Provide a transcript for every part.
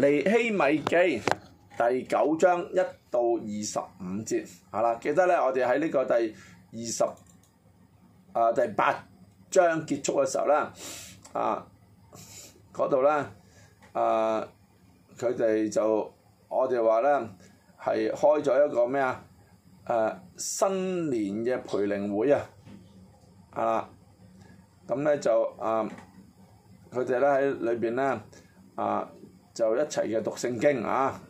尼希米記第九章一到二十五節，係啦，記得咧，我哋喺呢個第二十啊第八章結束嘅時候咧，啊嗰度咧啊佢哋就我哋話咧係開咗一個咩啊？誒新年嘅培靈會啊，係啦，咁咧就啊佢哋咧喺裏邊咧啊。就一齊嘅讀聖經啊，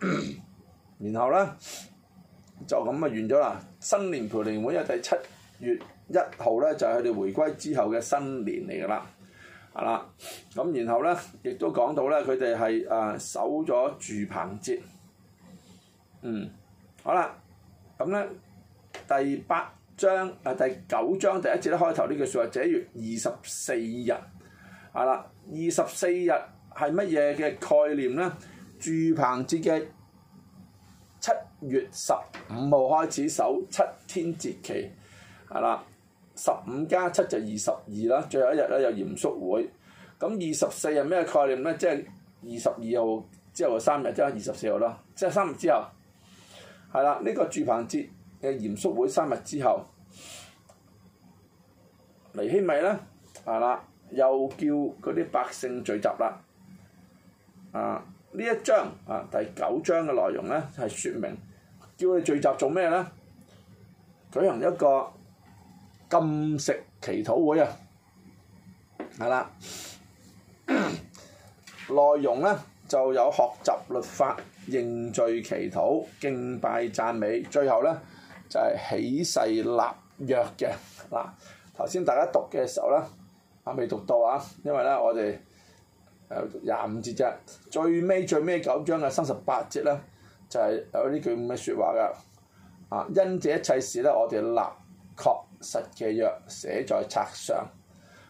然後咧就咁啊完咗啦。新年培靈會咧第七月一號咧就係佢哋回歸之後嘅新年嚟噶啦，係啦，咁然後咧亦都講到咧佢哋係啊守咗住棚節，嗯，好啦，咁、嗯、咧第八章啊第九章第一節咧開頭呢句説話，這一月二十四日，係啦，二十四日。係乜嘢嘅概念咧？住棚節嘅七月十五號開始守七天節期，係啦，十五加七就二十二啦，最後一日咧有嚴肅會。咁二,二,二,二十四日咩概念咧？即係二十二號之後嘅三日，即係二十四號啦，即係三日之後，係啦。呢、這個住棚節嘅嚴肅會三日之後，尼希米咧，係啦，又叫嗰啲百姓聚集啦。啊，呢一章啊第九章嘅內容咧係説明，叫你聚集做咩咧？舉行一個禁食祈禱會啊，係啦。內 容咧就有學習律法、認罪、祈禱、敬拜、讚美，最後咧就係、是、起誓立約嘅嗱。頭、啊、先大家讀嘅時候咧，啊未讀到啊，因為咧我哋。廿五節啫，最尾最尾九章嘅三十八節啦，就係、是、有呢句咁嘅説話噶，啊因這一切事咧，我哋立確實嘅約寫在冊上，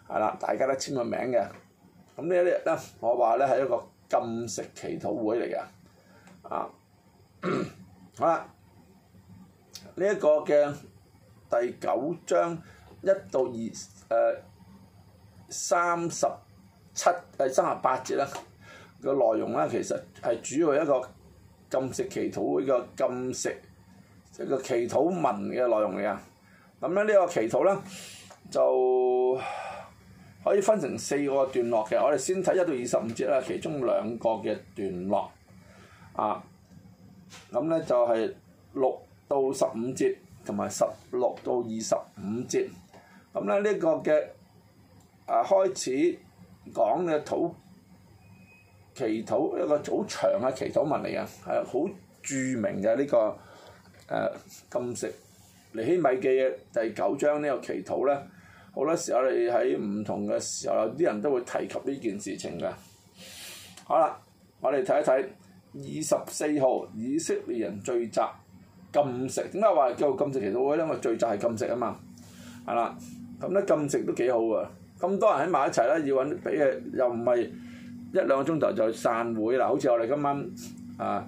係啦，大家都簽個名嘅。咁呢一日咧，我話咧係一個禁食祈禱會嚟嘅，啊 好啦，呢、這、一個嘅第九章一到二誒三十。七係三十八節啦，個內容啦其實係主要一個禁食祈禱會嘅禁食，即個祈禱文嘅內容嚟啊。咁咧呢個祈禱咧就可以分成四個段落嘅。我哋先睇一到二十五節啦，其中兩個嘅段落啊。咁咧就係六到十五節同埋十六到二十五節。咁咧呢個嘅啊開始。講嘅土，祈禱一個好長嘅祈禱文嚟噶，係好著名嘅呢個誒、呃、禁食尼希米記嘅第九章呢個祈禱咧，好多時我哋喺唔同嘅時候，有啲人都會提及呢件事情噶。好啦，我哋睇一睇二十四號，以色列人聚集禁食，點解話叫做禁食祈禱咧？因為聚集係禁食啊嘛，係啦，咁咧禁食都幾好啊。咁多人喺埋一齊啦，要揾俾誒，又唔係一兩個鐘頭就散會啦。好似我哋今晚啊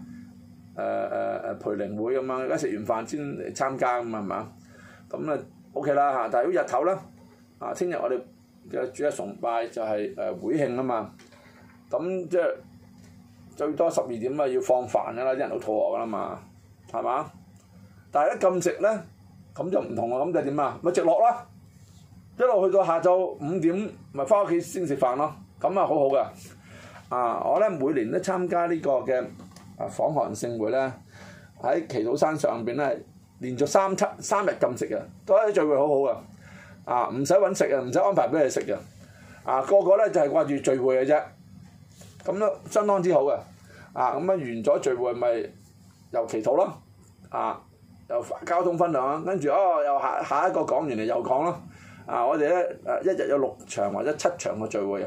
誒誒誒培靈會咁樣，而家食完飯先嚟參加咁啊，係嘛？咁啊 OK 啦嚇，但係好日頭咧啊，聽日我哋嘅主日崇拜就係誒會慶啊嘛，咁即係最多十二點啊，要放飯噶啦，啲人都肚餓噶啦嘛，係嘛？但係一禁食咧，咁就唔同啦，咁就點啊？咪直落啦！一路去到下晝五點，咪翻屋企先食飯咯。咁啊，好好噶。啊，我咧每年都參加個呢個嘅啊訪韓盛會咧，喺祈禱山上邊咧連續三七三日禁食嘅，都係聚會好好噶。啊，唔使揾食啊，唔使安排俾你食嘅。啊，個個咧就係掛住聚會嘅啫。咁都相當之好嘅。啊，咁啊完咗聚會咪又祈禱咯。啊，又交通分享，跟住哦、啊、又下下一個講完嚟又講咯。啊！我哋咧，誒一日有六場或者七場嘅聚會，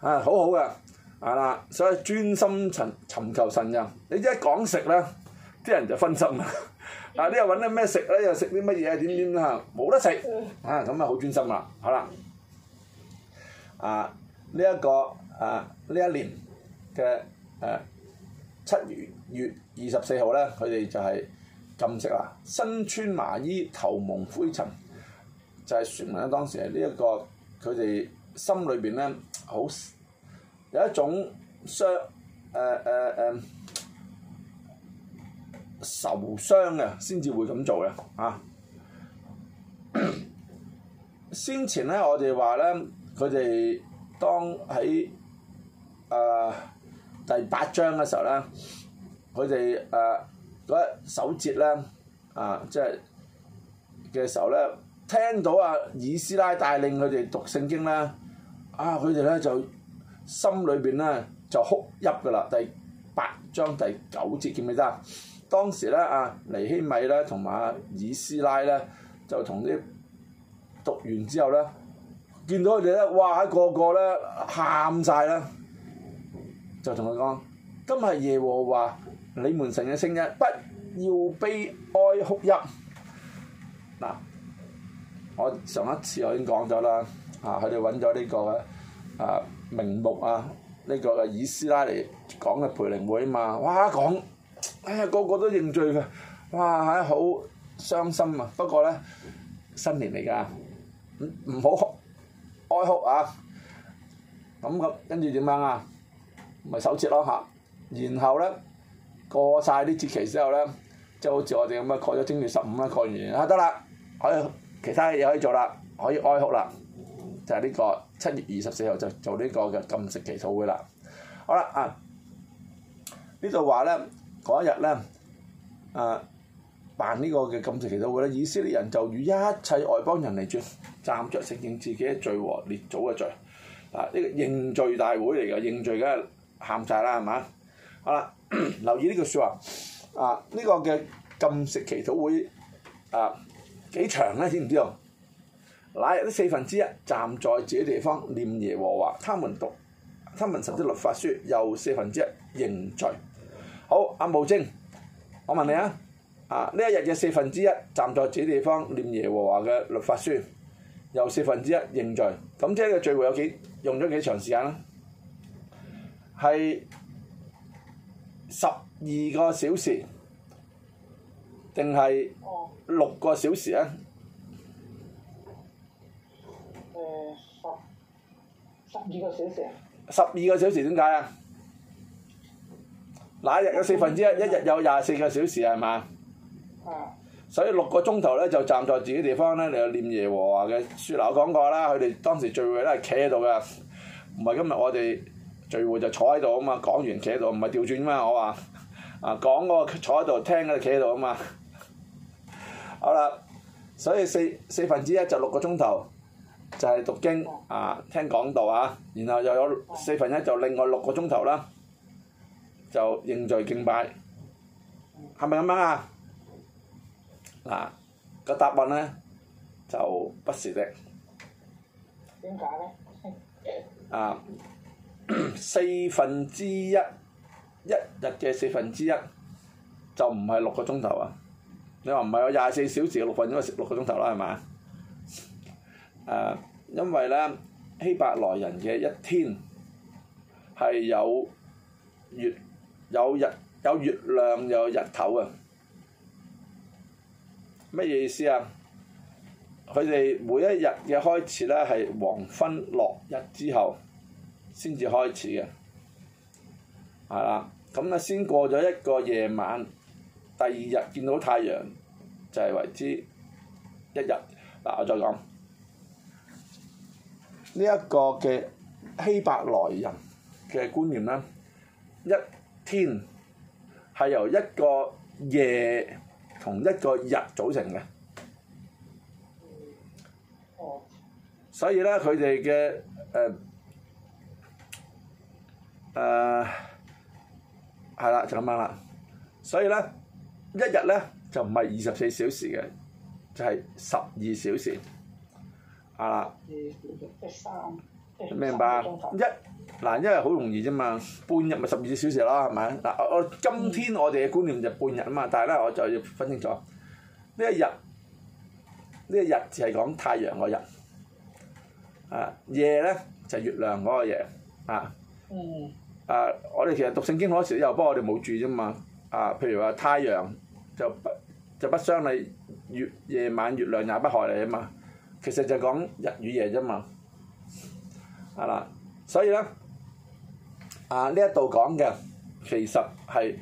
啊，好好嘅，係、啊、啦。所以專心尋尋求神㗎。你一講食咧，啲人就分心啦。啊，啲人揾啲咩食咧，又食啲乜嘢點點啦，冇得食。啊，咁啊好專心啦，好啦。啊，呢、這、一個啊，呢一年嘅誒七月月二十四號咧，佢哋就係禁食啦，身穿麻衣，頭蒙灰塵。就係説明咧，當時係、這個、呢一個佢哋心裏邊咧，好有一種傷，誒誒誒，受傷嘅先至會咁做嘅，啊！ 先前咧，我哋話咧，佢哋當喺啊、呃、第八章嘅時候咧，佢哋啊嗰首節咧啊，即係嘅時候咧。聽到啊，以斯拉帶領佢哋讀聖經咧，啊，佢哋咧就心裏邊咧就哭泣噶啦。第八章第九節記唔記得啊？當時咧啊，尼希米咧同埋啊以斯拉咧就同啲讀完之後咧，見到佢哋咧，哇！個個咧喊曬啦，就同佢講，今日耶和華你們神嘅聖日，不要悲哀哭泣。嗱。我上一次我已經講咗啦，啊，佢哋揾咗呢個啊名目啊，呢個嘅以斯拉嚟講嘅培靈會啊嘛，哇講，哎呀個個都認罪㗎，哇係好傷心啊，不過咧新年嚟㗎，唔唔好哭哀哭啊，咁咁跟住點樣啊？咪守節咯嚇，然後咧過曬啲節期之後咧，即係好似我哋咁樣過咗正月十五啦，過完啊得啦，去。其他嘢可以做啦，可以哀哭啦，就係呢個七月二十四號就做呢個嘅禁食祈禱會啦。好啦，啊呢度話咧嗰一日咧，啊辦呢個嘅禁食祈禱會咧，以色列人就與一切外邦人離絕，站着承認自己嘅罪和列祖嘅罪。啊，呢個認罪大會嚟噶，認罪梗係喊晒啦係嘛？好啦， 留意呢句説話，啊呢個嘅禁食祈禱會，啊。幾長咧？知唔知道。那日的四分之一站在自己的地方念耶和華，他們讀，他們十的律法書，又四分之一認罪。好，阿無精，我問你啊，啊呢一日嘅四分之一站在自己的地方念耶和華嘅律法書，又四分之一認罪。咁即係個聚會有幾用咗幾長時間咧？係十二個小時？定係六個小時啊？十二、uh, 個小時，十二個小時，點解啊？那一日嘅四分之一，一日有廿四個小時係嘛？Uh. 所以六個鐘頭咧就站在自己地方咧，你又念耶和華嘅。説、啊、嚟我講過啦，佢哋當時聚會都係企喺度㗎，唔係今日我哋聚會就坐喺度啊嘛。講完企喺度，唔係調轉啊嘛。我話啊講嗰個坐喺度聽嘅，佢企喺度啊嘛。好啦，所以四四分之一就六個鐘頭，就係、是、讀經啊，聽講道啊，然後又有四分之一就另外六個鐘頭啦，就認罪敬拜，係咪咁樣啊？嗱、啊，個答案咧就不是的。點解咧？啊，四分之一一日嘅四分之一就唔係六個鐘頭啊！你話唔係有廿四小時嘅六分鐘，食六個鐘頭啦，係嘛？因為咧呃、希伯來人嘅一天係有月有日，有月亮有日頭啊！咩意思啊？佢哋每一日嘅開始咧係黃昏落日之後先至開始嘅，係啦。咁、嗯、咧先過咗一個夜晚。第二日見到太陽就係為之一日嗱，我再講呢一個嘅希伯來人嘅觀念咧，一天係由一個夜同一個日組成嘅，所以咧佢哋嘅誒誒係啦，就咁樣啦，所以咧。一日咧就唔係二十四小時嘅，就係十二小時啊。三明白？一嗱，因為好容易啫嘛，半日咪十二小時咯，係咪？嗱，我我今天我哋嘅觀念就半日啊嘛，但係咧我就要分清楚，呢一日呢一日就係講太陽個日啊，夜咧就係、是、月亮嗰個夜啊。嗯。啊，嗯、啊我哋其實讀聖經嗰時又不過我哋冇住啫嘛。啊，譬如話太陽。就不就不傷你，月夜晚月亮也不害你啊嘛。其實就講日與夜啫嘛。係啦，所以咧啊呢一度講嘅其實係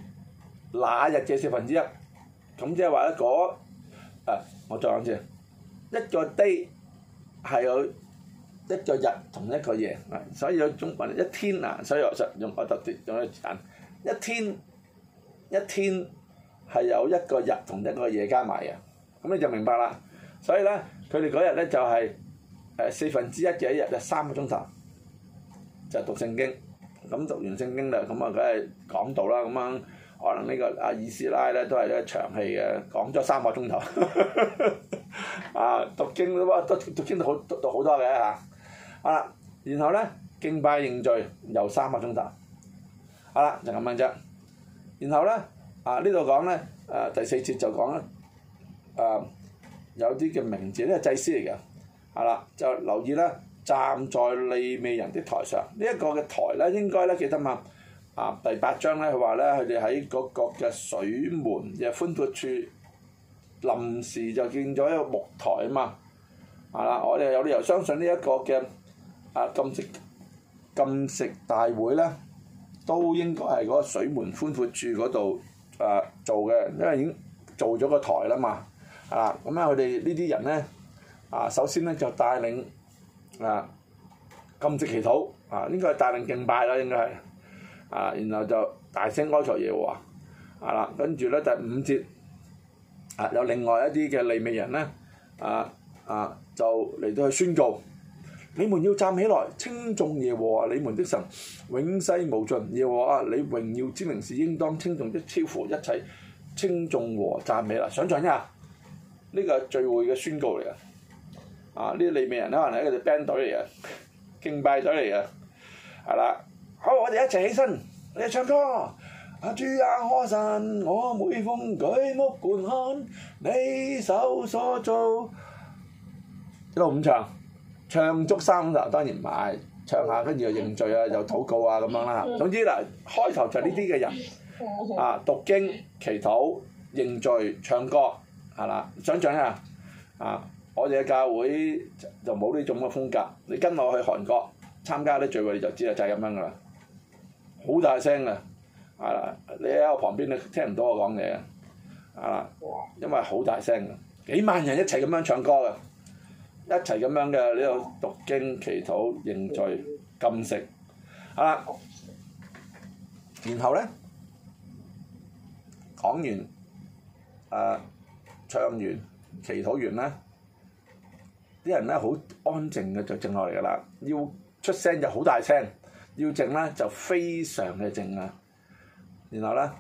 嗱，日嘅四分之一。咁即係話咧嗰，啊我再講一次，一個 day 係有一個日同一個夜。所以有中文一天啊，所以我就用我特別用一陣一天、一天。一天、一天、一天係有一個日同一個夜加埋嘅，咁你就明白啦。所以咧，佢哋嗰日咧就係誒四分之一嘅一日啊，就三個鐘頭就讀聖經。咁讀完聖經啦，咁啊梗係講道啦。咁樣可能呢個阿以斯拉咧都係一個長氣嘅，講咗三個鐘頭。啊，讀經都讀，讀經都好讀到好多嘅嚇。啊，然後咧敬拜認罪，又三個鐘頭。好啦，就咁樣啫。然後咧。啊！呢度講咧，誒、呃、第四節就講咧，誒、呃、有啲叫名字，呢個祭司嚟嘅，係啦，就留意咧，站在利未人的台上。這個、台呢一個嘅台咧，應該咧記得嘛？啊，第八章咧，佢話咧，佢哋喺嗰個嘅水門嘅寬闊處，臨時就建咗一個木台啊嘛。係啦，我哋有理由相信呢一個嘅啊禁食禁食大會咧，都應該係嗰個水門寬闊處嗰度。誒、啊、做嘅，因為已經做咗個台啦嘛，啊，咁咧佢哋呢啲人咧，啊，首先咧就、啊、帶領，啊，禁止祈禱，啊，應該係帶領敬拜啦，應該係，啊，然後就大聲哀求耶和華啦，跟住咧第五節，啊，有另外一啲嘅利未人咧，啊啊，就嚟到去宣告。你們要站起來，稱頌耶和華你們的神，永世無盡。耶和華、啊，你榮耀之名是應當稱頌的，超乎一切稱頌和讚美啦！想象一下，呢、這個是聚會嘅宣告嚟嘅，啊，呢啲利未人啦，嚟一個 band 隊嚟嘅，敬拜隊嚟嘅，好，我哋一齊起，起身，嚟唱歌。阿、啊、主啊，我神，我每逢舉目觀看你手所做，一路五唱。唱足三集，當然唔係，唱下跟住又認罪啊，又禱告啊咁樣啦。總之嗱，開頭就呢啲嘅人啊，讀經、祈禱、認罪、唱歌，係啦。想像下啊！啊，我哋嘅教會就冇呢種嘅風格。你跟我去韓國參加啲聚會，你就知啦，就係、是、咁樣噶啦，好大聲噶。係啦，你喺我旁邊你聽唔到我講嘢啊，因為好大聲嘅，幾萬人一齊咁樣唱歌嘅。一齊咁樣嘅呢度讀經、祈禱、認罪、禁食。啊，然後咧講完，誒、呃、唱完、祈禱完咧，啲人咧好安靜嘅就靜落嚟㗎啦。要出聲就好大聲，要靜咧就非常嘅靜啊。然後咧，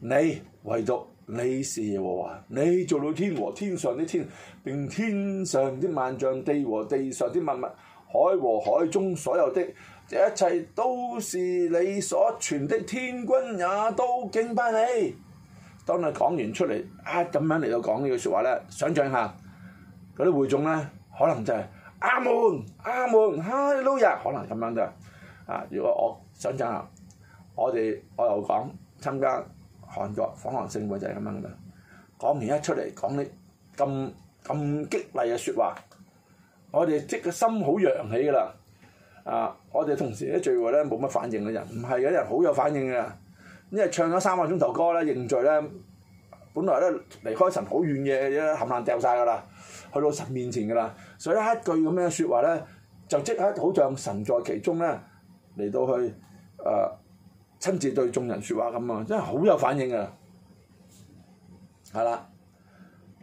你唯獨。你是和，你做到天和天上啲天，並天上啲萬象；地和地上啲萬物，海和海中所有的，這一切都是你所傳的天君，也都敬拜你。當你講完出嚟，啊咁樣嚟到講句呢句説話咧，想象下嗰啲會眾咧，可能就係、是、阿門阿門，哈利路亞，可能咁樣啫。啊，如果我想像下，我哋我又講參加，韓國訪韓聖會就係咁樣噶，講完一出嚟講啲咁咁激勵嘅説話，我哋即個心好揚起噶啦。啊，我哋同時啲聚會咧冇乜反應嘅人，唔係有啲人好有反應嘅，因為唱咗三個鐘頭歌咧，認罪咧，本來咧離開神好遠嘅，嘢冚唪唥掉晒噶啦，去到神面前噶啦，所以一句咁樣嘅説話咧，就即刻好像神在其中咧嚟到去誒。呃親自對眾人説話咁啊，真係好有反應啊！係啦，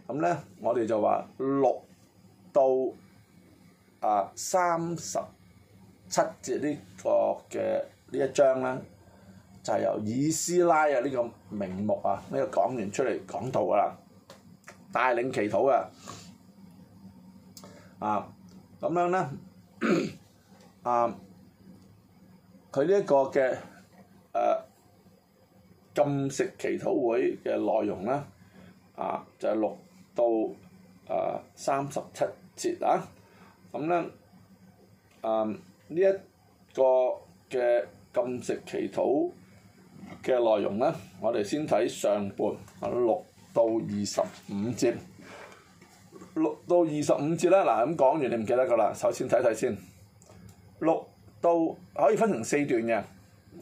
咁咧我哋就話六到啊三十七節呢、這個嘅呢、這個、一章咧，就係、是、由以斯拉啊呢個名目啊呢、這個講員出嚟講道啦，帶領祈禱啊！啊，咁樣咧啊，佢呢一個嘅。誒、啊、禁食祈禱會嘅內容啦，啊就係、是、六到誒三十七節啊，咁咧誒呢一個嘅禁食祈禱嘅內容咧，我哋先睇上半，六到二十五節，六到二十五節咧，嗱咁講完你唔記得㗎喇，首先睇睇先，六到可以分成四段嘅。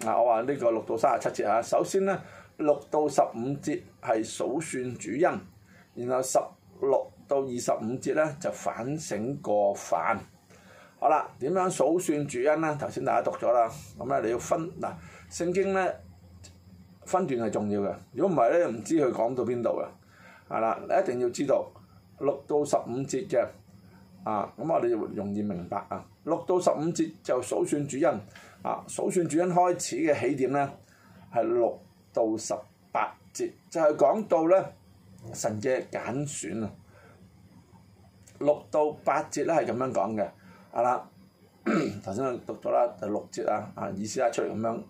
嗱、啊，我話呢個六到三十七節啊。首先咧，六到十五節係數算主恩，然後十六到二十五節咧就反省過犯。好啦，點樣數算主恩咧？頭先大家讀咗啦，咁咧你要分嗱聖、啊、經咧分段係重要嘅。如果唔係咧，唔知佢講到邊度嘅。係啦，你一定要知道六到十五節嘅啊，咁我哋容易明白啊。六到十五節就數算主恩。啊！數算主因開始嘅起點咧，係六到十八節，就係、是、講到咧神嘅揀選啦。六到八節咧係咁樣講嘅，係 啦。頭先我讀咗啦，第六節啊，啊以斯拉出嚟咁樣，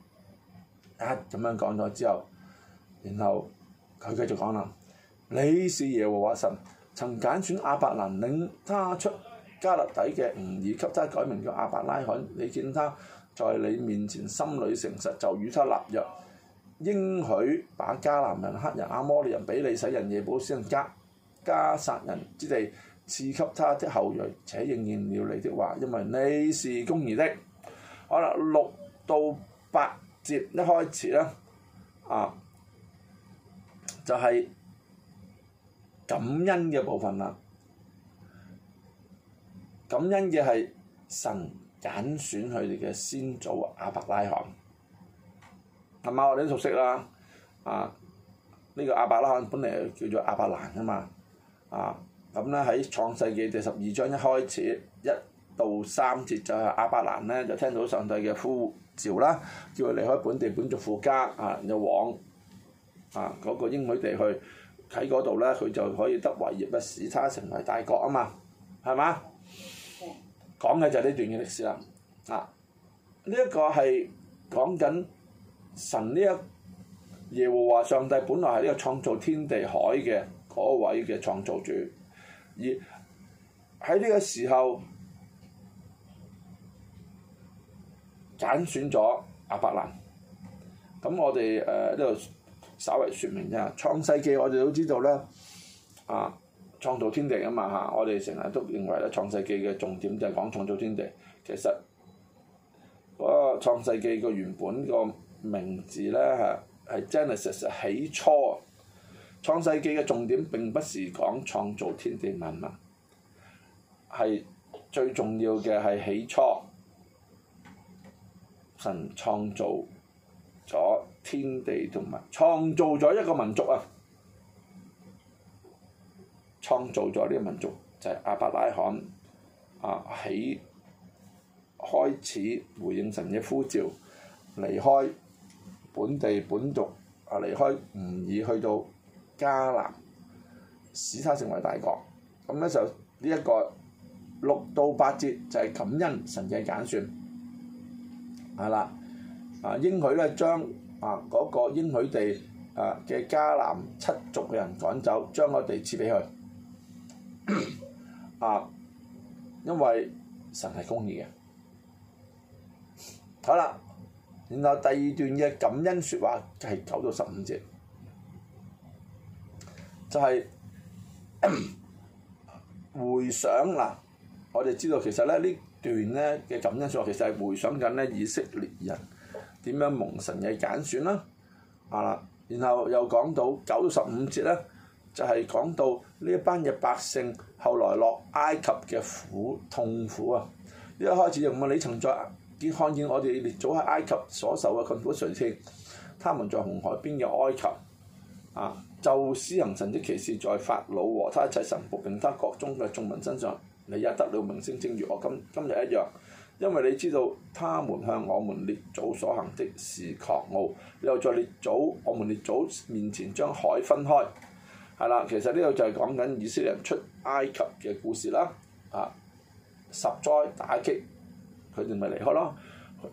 啊咁樣講咗之後，然後佢繼續講啦。你是耶和華神，曾揀選亞伯蘭，領他出迦勒底嘅吾珥，給他改名叫亞伯拉罕。你見他？在你面前，心裏誠實，就與他立約，應許把迦南人、黑人、阿摩利人比利使人野堡、使人加加殺人之地，賜給他的後裔，且應驗了你的話，因為你是公義的。好啦，六到八節一開始啦，啊，就係、是、感恩嘅部分啦，感恩嘅係神。揀選佢哋嘅先祖亞伯拉罕，係嘛？我哋都熟悉啦，啊！呢個亞伯拉罕本嚟叫做亞伯蘭啊嘛，啊！咁咧喺創世紀第十二章一開始一到三節就係亞伯蘭咧就聽到上帝嘅呼召啦，叫佢離開本地本族父家啊，就往啊嗰個應許地去喺嗰度咧，佢就可以得為業啊，使他成為大國啊嘛，係嘛？講嘅就係呢段嘅歷史啦，啊，呢、這個、一個係講緊神呢，一耶和華上帝本來係呢個創造天地海嘅嗰位嘅創造主，而喺呢個時候揀選咗亞伯蘭，咁我哋誒呢度稍微説明一下創世記，我哋都知道咧，啊。創造天地啊嘛嚇！我哋成日都認為咧，《創世記》嘅重點就係講創造天地。其實嗰個《創世記》個原本個名字咧，係 Genesis。起初，《創世記》嘅重點並不是講創造天地萬物，係最重要嘅係起初神創造咗天地同埋創造咗一個民族啊！創造咗呢個民族就係、是、亞伯拉罕啊，喺開始回應神嘅呼召，離開本地本族啊，離開吾珥去到迦南，使他成為大國。咁咧就呢一個六到八節就係感恩神嘅揀選。係啦啊，應許咧將啊嗰、那個應許地啊嘅迦南七族嘅人趕走，將個地賜俾佢。 啊，因為神係公義嘅，好啦，然後第二段嘅感恩説話係、就係、九到十五節，就係、係、 回想嗱、啊，我哋知道其實咧呢段咧嘅感恩説話其實係回想緊咧以色列人點樣蒙神嘅揀選啦，啊啦，然後又講到九到十五節咧。就係講到呢一班嘅百姓，後來落埃及嘅苦痛苦啊！呢一開始又問，你曾在見看見我哋列祖喺埃及所受嘅困苦，垂聽，他們在紅海邊嘅哀求，啊！就施行神的奇事在法老和他一切臣僕及他國中嘅眾民身上，你也得了名聲，正如我今今日一樣。因為你知道他們向我們列祖所行的是狂傲，又在列祖我們列祖面前將海分開。係啦，其實呢度就係講緊以色列人出埃及嘅故事啦，啊十災打擊，佢哋咪離開咯。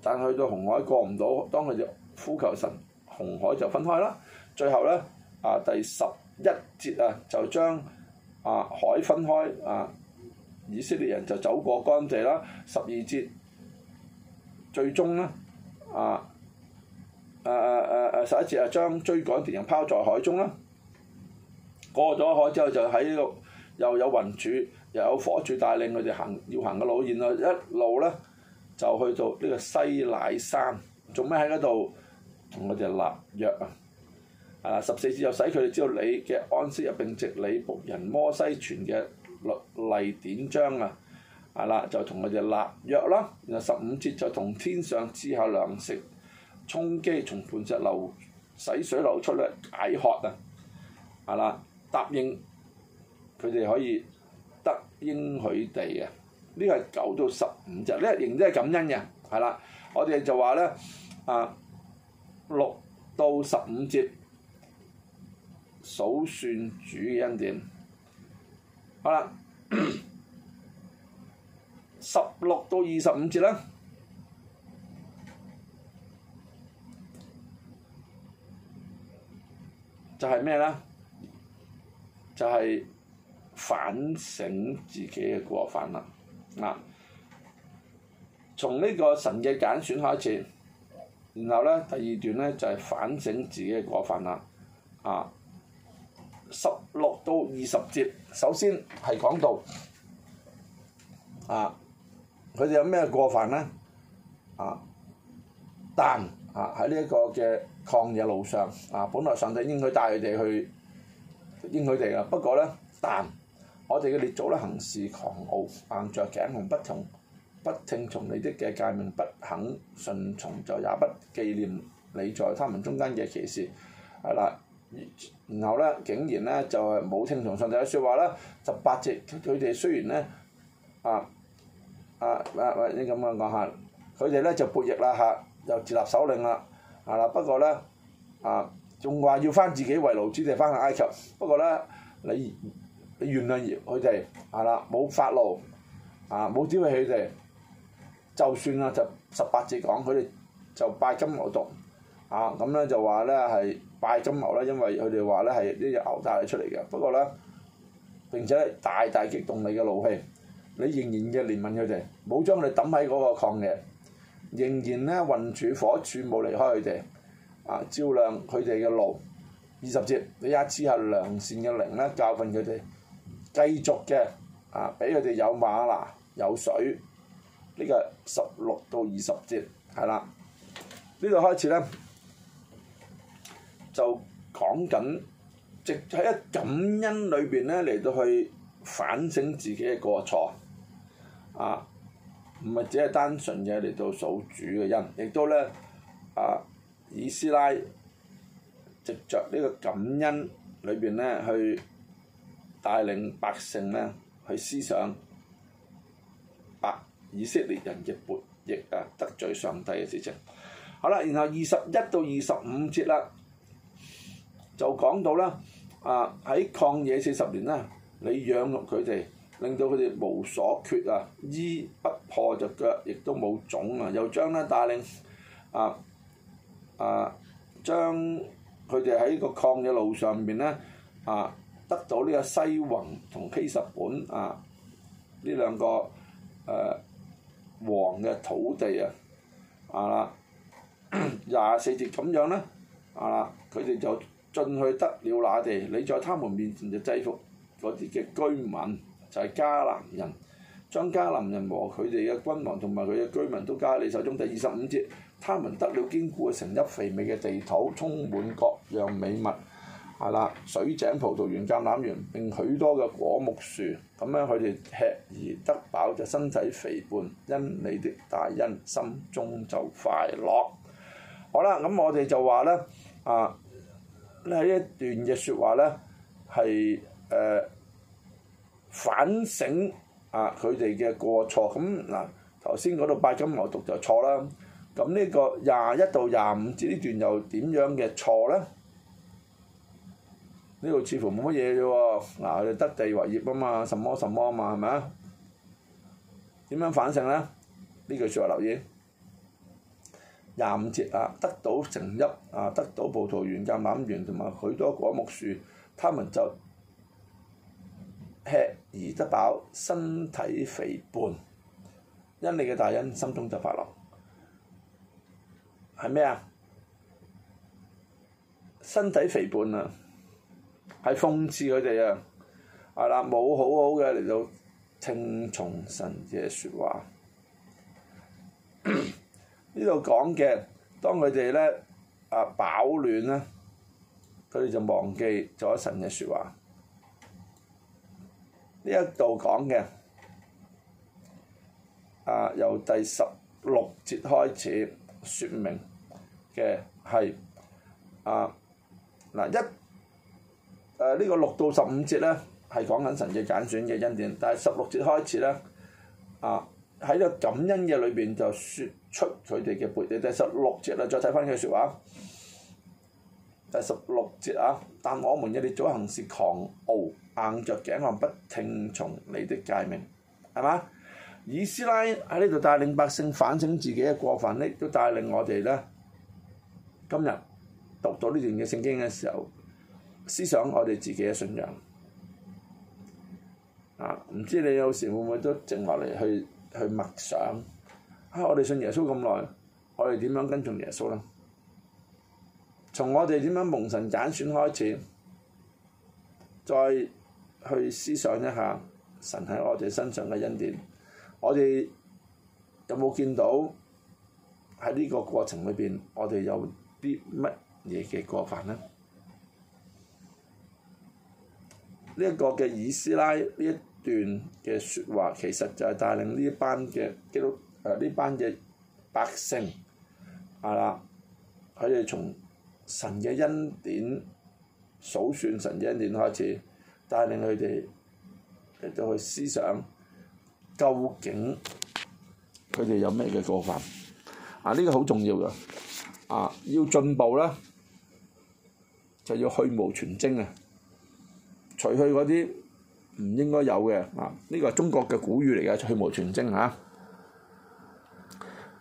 但去到紅海過唔到，當佢哋呼求神，紅海就分開啦。最後咧，啊第十一節啊就將啊海分開啊，以色列人就走過乾地啦。十二節，最終咧啊誒誒誒誒十一節啊將追趕敵人拋在海中啦。過咗海之後就喺度、這個、又有雲柱，又有火柱帶領佢哋行要行嘅路，然後一路咧就去到呢個西乃山，做咩喺嗰度同佢哋立約啊？啊十四節就使佢哋知道你嘅安息日並藉你僕人摩西傳嘅律例典章啊，係啦，就同佢哋立約啦。然後十五節就同天上之下糧食充飢從磐石流洗水流出嚟解渴啊，係啦。答應佢哋可以得應佢哋嘅，呢個係九到十五節，呢個仍然係感恩嘅，係啦。我哋就話咧，啊六到十五節數算主嘅恩典，好啦，十六 到二十五節咧，就係咩咧？就係反省自己嘅過犯啦，啊！從呢個神嘅揀選開始，然後咧第二段咧就係、是、反省自己嘅過犯啦，啊！十六到二十節，首先係講到啊，佢哋有咩過犯咧？啊，但啊喺呢一個嘅曠野路上，啊本來上帝應許帶佢哋去。應佢哋啊，不過咧，但我哋嘅列祖咧行事狂傲，硬著頸同不從，不聽從你的嘅誡命，不肯順從，就也不紀念你在他們中間嘅奇事啊，嗱，然後咧竟然咧就係冇聽從上帝嘅説話啦。十八節佢哋雖然咧啊啊啊，或者咁樣講下，佢哋咧就背逆啦嚇，就、啊、又自立首領啦啊啦，不過咧啊。仲話要翻自己為奴之地翻去埃及。不過咧，你你原諒佢哋係啦，冇發怒，啊冇刁為佢哋。就算啦，就十八節講佢哋就拜金牛犢，啊咁咧就話咧係拜金牛啦，因為佢哋話咧係呢隻牛帶你出嚟嘅。不過咧，並且大大激動你嘅怒氣，你仍然嘅憐憫佢哋，冇將佢哋抌喺嗰個礦嘅，仍然咧雲柱火柱冇離開佢哋。啊！照亮佢哋嘅路，二十節，你一次係良善嘅靈咧，教訓佢哋繼續嘅，啊俾佢哋有嗎哪有水，呢、這個十六到二十節係啦，呢度開始咧就講緊，直喺一感恩裏邊咧嚟到去反省自己嘅過錯，啊唔係只係單純嘅嚟到數主嘅恩，亦都咧啊～以斯拉，藉着呢個感恩裏邊咧，去帶領百姓咧，去思想白、啊、以色列人嘅悖逆啊得罪上帝嘅事情。好啦，然後二十一到二十五節咧，就講到啦，啊喺曠野四十年啦，你養育佢哋，令到佢哋無所缺啊，衣不破隻腳亦都冇腫啊，又將咧帶領啊。啊！將佢哋喺個曠野嘅路上面咧，啊得到呢個西宏同希實本啊呢兩個誒、啊、王嘅土地啊，啊啦廿四節咁樣咧，啊啦佢哋就進去得了那地，你在他們面前就制服嗰啲嘅居民，就係、是、迦南人，將迦南人和佢哋嘅君王同埋佢嘅居民都交喺你手中第。第二十五節。他們得了堅固嘅、成一肥美嘅地土，充滿各樣美物。係啦，水井、葡萄園、橄欖園，並許多嘅果木樹。咁樣佢哋吃而得飽，就身體肥胖。因你的大恩，心中就快樂。好啦，咁我哋就話咧，啊，呢一段嘅説話咧，係誒、呃、反省啊佢哋嘅過錯。咁嗱，頭先嗰度拜金牛犢就錯啦。咁呢個廿一到廿五節呢段又點樣嘅錯呢？呢度似乎冇乜嘢啫喎，嗱，得地為業啊嘛，什麼什麼啊嘛，係咪啊？點樣反省呢？呢句説話留意。廿五節啊，得到城邑啊，得到葡萄園、橄欖園同埋許多果木樹，他們就吃而得飽，身體肥胖，因你嘅大恩，心中就快樂。係咩啊？身體肥胖啊！係諷刺佢哋啊，係啦，冇好好嘅嚟到聽從神嘅説話。呢度講嘅，當佢哋咧啊飽暖咧，佢哋就忘記咗神嘅説話。呢一度講嘅，啊由第十六節開始。説明，嘅係啊，嗱，一誒呢、啊，這個六到十五節咧係講緊神嘅揀選嘅恩典，但係十六節開始咧，啊喺個感恩嘅裏邊就説出佢哋嘅背地。第十六節啊，再睇翻佢説話，第十六節啊，但我們嘅列祖行是狂傲硬着頸項，不聽從你的誡命，係嘛？以斯拉喺呢度帶領百姓反省自己嘅過犯，亦都帶領我哋咧。今日讀到呢段嘅聖經嘅時候，思想我哋自己嘅信仰。啊，唔知你有時會唔會都靜落嚟去去默想？啊、哎，我哋信耶穌咁耐，我哋點樣跟從耶穌啦？從我哋點樣蒙神揀選開始，再去思想一下神喺我哋身上嘅恩典。我哋有冇見到喺呢個過程裏邊，我哋有啲乜嘢嘅過犯呢？呢一個嘅以斯拉呢一段嘅説話，其實就係帶領呢班嘅基督誒呢班嘅百姓啊啦，佢哋從神嘅恩典，數算神嘅恩典開始，帶領佢哋嚟到去思想。究竟佢哋有咩嘅過犯？啊，呢個好重要㗎。啊，要進步咧，就要去蕪存菁啊！除去嗰啲唔應該有嘅啊，呢個係中國嘅古語嚟嘅，去蕪存菁吓。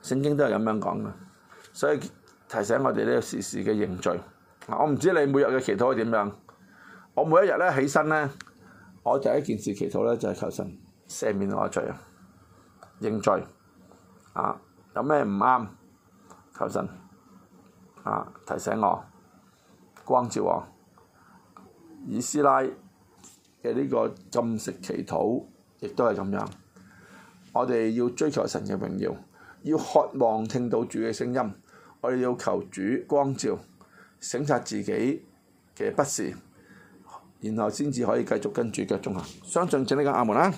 聖經都係咁樣講嘅，所以提醒我哋咧時時嘅認罪。啊，我唔知你每日嘅祈禱係點樣。我每一日咧起身咧，我第一件事祈禱咧，就係求神。赦免我罪啊！認罪啊！有咩唔啱，求神啊！提醒我，光照我，以斯拉嘅呢個禁食祈禱，亦都係咁樣。我哋要追求神嘅榮耀，要渴望聽到主嘅聲音。我哋要求主光照，省察自己嘅不是，然後先至可以繼續跟主腳蹤行。相信請你講阿門啦。